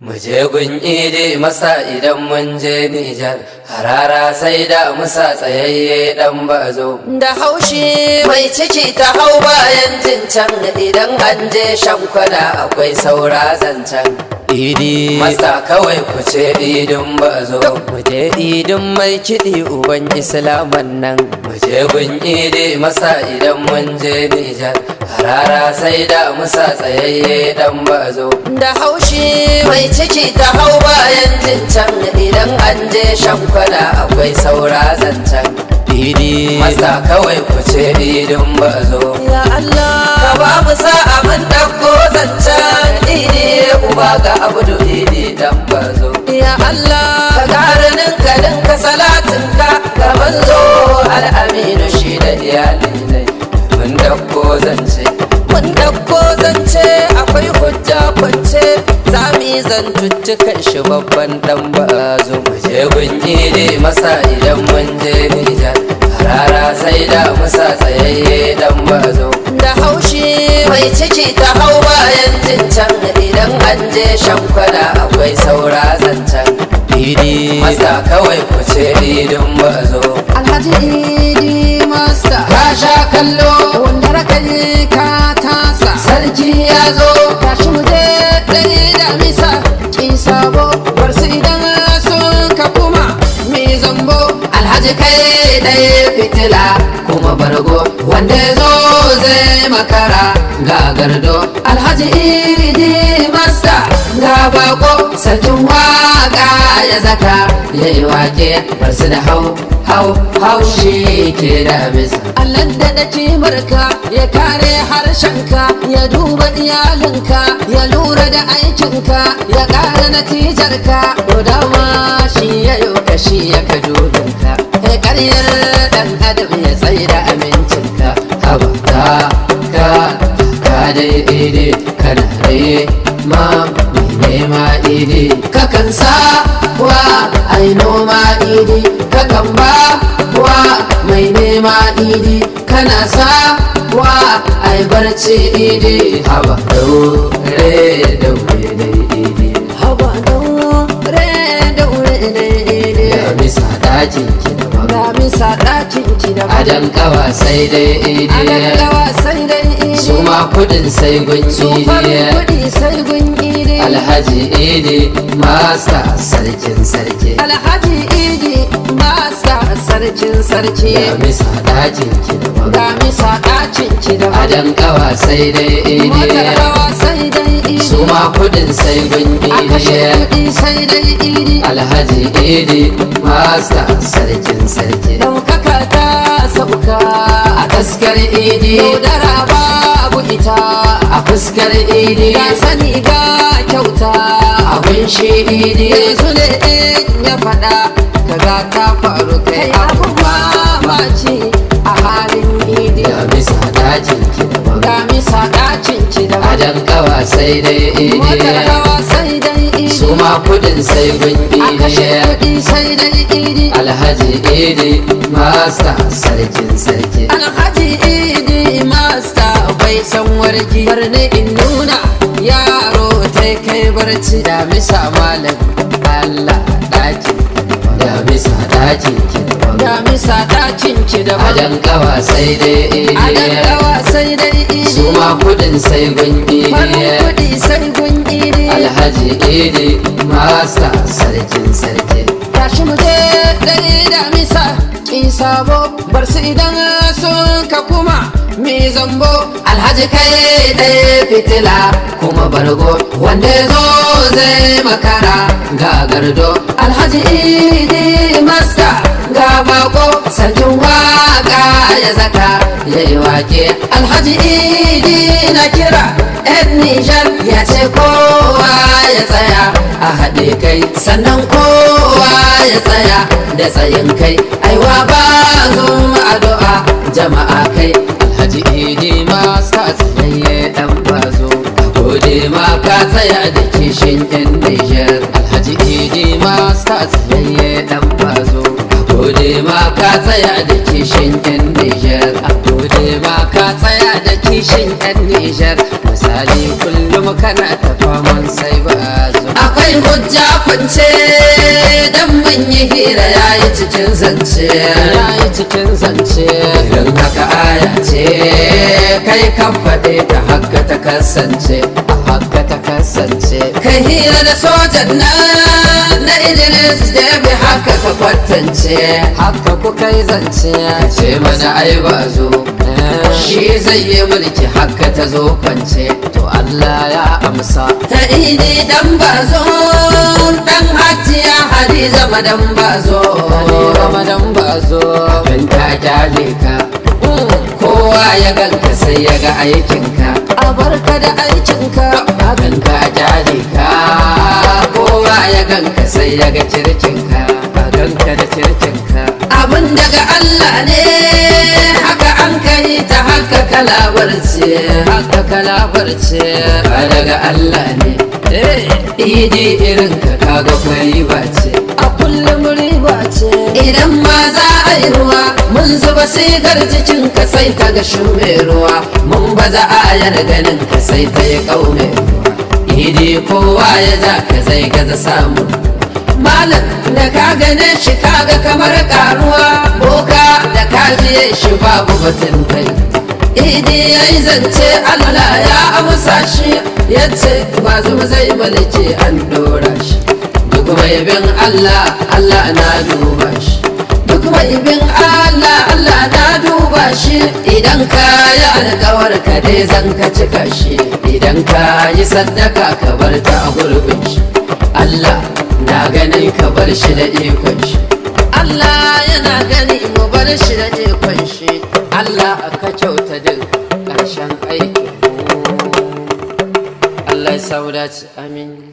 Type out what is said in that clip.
Mu gun idi masa idan mun je Nijar, harara sai da musa tsayayye dan bazo. Da haushi mai ciki ta hau bayan jin can idan an je shankwana akwai saura zancen. idi masta kawai ku ce idin bazo Ku je idin mai kiɗi uban islaman nan mu je gun idi masa idan mun je nijar harara sai da musa tsayayye dan bazo da haushi mai ciki ta hau bayan jiccan idan an je shankwala akwai saura zancen idi masa kawai ku ce idin bazo ya Allah ka ba mu sa'a mun ɗauko ga abudu ne dan bazo ya Allah ka garanin ka dinka salatin ka ga manzo al'aminu shi da iyalin ne mun dakko zance mun dakko zance akwai hujja kwance zami kan shi babban dan bazo mu je gunki ne masa idan mun je Nijar rara sai da musa tsayayye dan bazo da haushi mai ciki ta hau bayan jincan an je akwai saura zancen idi masta kawai kuce ce idin bazo alhaji idi masta ka sha kallo wanda raka yi ka sarki ya zo tashi mu je yi da misa ki sabo bar su idan sun ka kuma mi zambo alhaji kai yi fitila kuma bargo wanda zo zai makara ga gardo alhaji idi ga bako sarkin waka ya zaka ya yi wake bar su da hau hau hau shi ke da bisa Allah da na ya kare harshenka ya duba iyalinka ya lura da aikinka ya kare natijarka ko dama shi ya yi kashi ya ka dubinka ya karyar dan adam ya tsaye da amincinka haba ka ka ka daidai kana ma nema idi kakan sa wa ai noma idi kakan ba wa mai nema idi kana sa wa ai barci idi haba do re do dai idi haba do re do dai idi ya bisa dakin da ba ga bisa dakin ki da ba adan kawa sai dai idi adan kawa sai dai idi su ma kudin sai gun iri alhaji idi masta sarkin sarki alhaji idi masta sarkin sarki ga misa dajin ki da ga misa dajin ki da adan kawa sai dai idi matar kawa sai dai su ma kudin sai bin iri. alhaji iri masta sarkin sarki daukaka ta sauka a taskar idi yaudara babu ita a fuskar idi ga sani ga kyauta kunshi shi idi yanzu ne ya faɗa ga ta faru kai ba maci. wajen kawa sai dai ini su ma kudin sai gungi ne alhaji idi masta sarkin sarki alhaji idi masta bai san warki bar ni in nuna yaro ta kai barci da misa malam allah daji da misa daji kina Hamisa ta cinci da Adan kawa sai dai ide Adan kawa sai dai ide Su ma kudin sai gun ide kudi sai gun ide Alhaji ide Masta sarkin sarki Tashi mu je dai da misa in sabo bar su idan sun ka kuma mi zambo alhaji kai dai fitila kuma bargo wanda zo zai makara ga gardo alhaji idi masta ga bako sarkin waka ya zaka ya yi wake alhaji idi na kira yan nijar ya ce kowa ya tsaya a haɗe kai sannan kowa ya tsaya da tsayin kai aiwa ba zum addu'a jama'a kai alhaji idi ma sa tsaye dan bazo gode ma ka tsaya da kishin yan nijar alhaji idi ma sa tsaye gode ma ka tsaya da kishin yan Nijar gode ma ka tsaya da kishin yan Nijar misali kullum kana ta faman sai ba zo akwai hujja kunce dan mun yi hira yayi cikin zance yayi cikin zance idan haka aya ce kai kan faɗe ta hakka ta kasance a hakka ta kasance hira da sojan nan na idris da bi haka ka kwatance haka kuka yi zance ce mana ai ba zo eh. shi zai yi mulki haka ta zo kwance to allah ya amsa ta idi dan ba zo dan hajiya hadiza madan ba zo zo ban ta mm. kowa ya ganka sai ya aikinka a sai ya ga cirkinka a ganka da cirkinka abin daga Allah ne haka an kai ta haka kalabar ce haka kalabar ce daga Allah ne eh, idi irin ka kaga kai ba ce a kullum riba ce idan ma za a yi ruwa mun zuba sigar jikin ka sai ka ga shume ruwa mun baza ayar ganin ka sai ta yi kaume idi kowa ya za ka zai gaza samun malam da ka gane shi kaga kamar karuwa boka da kajiye shi babu batun kai idi ya yi zance allah ya amsa shi yace ce ba zama zai an dora shi duk mai bin allah allah na duba shi duk mai bin allah allah na duba shi idan ka yi alkawar ka dai zan ka cika shi idan ka yi sadaka ka bar ta gurbin shi allah gani ka bar shi da ikon shi Allah yana gani mu bar shi da ikon shi Allah aka kyauta din ƙarshen aiki Allah ya saudace amin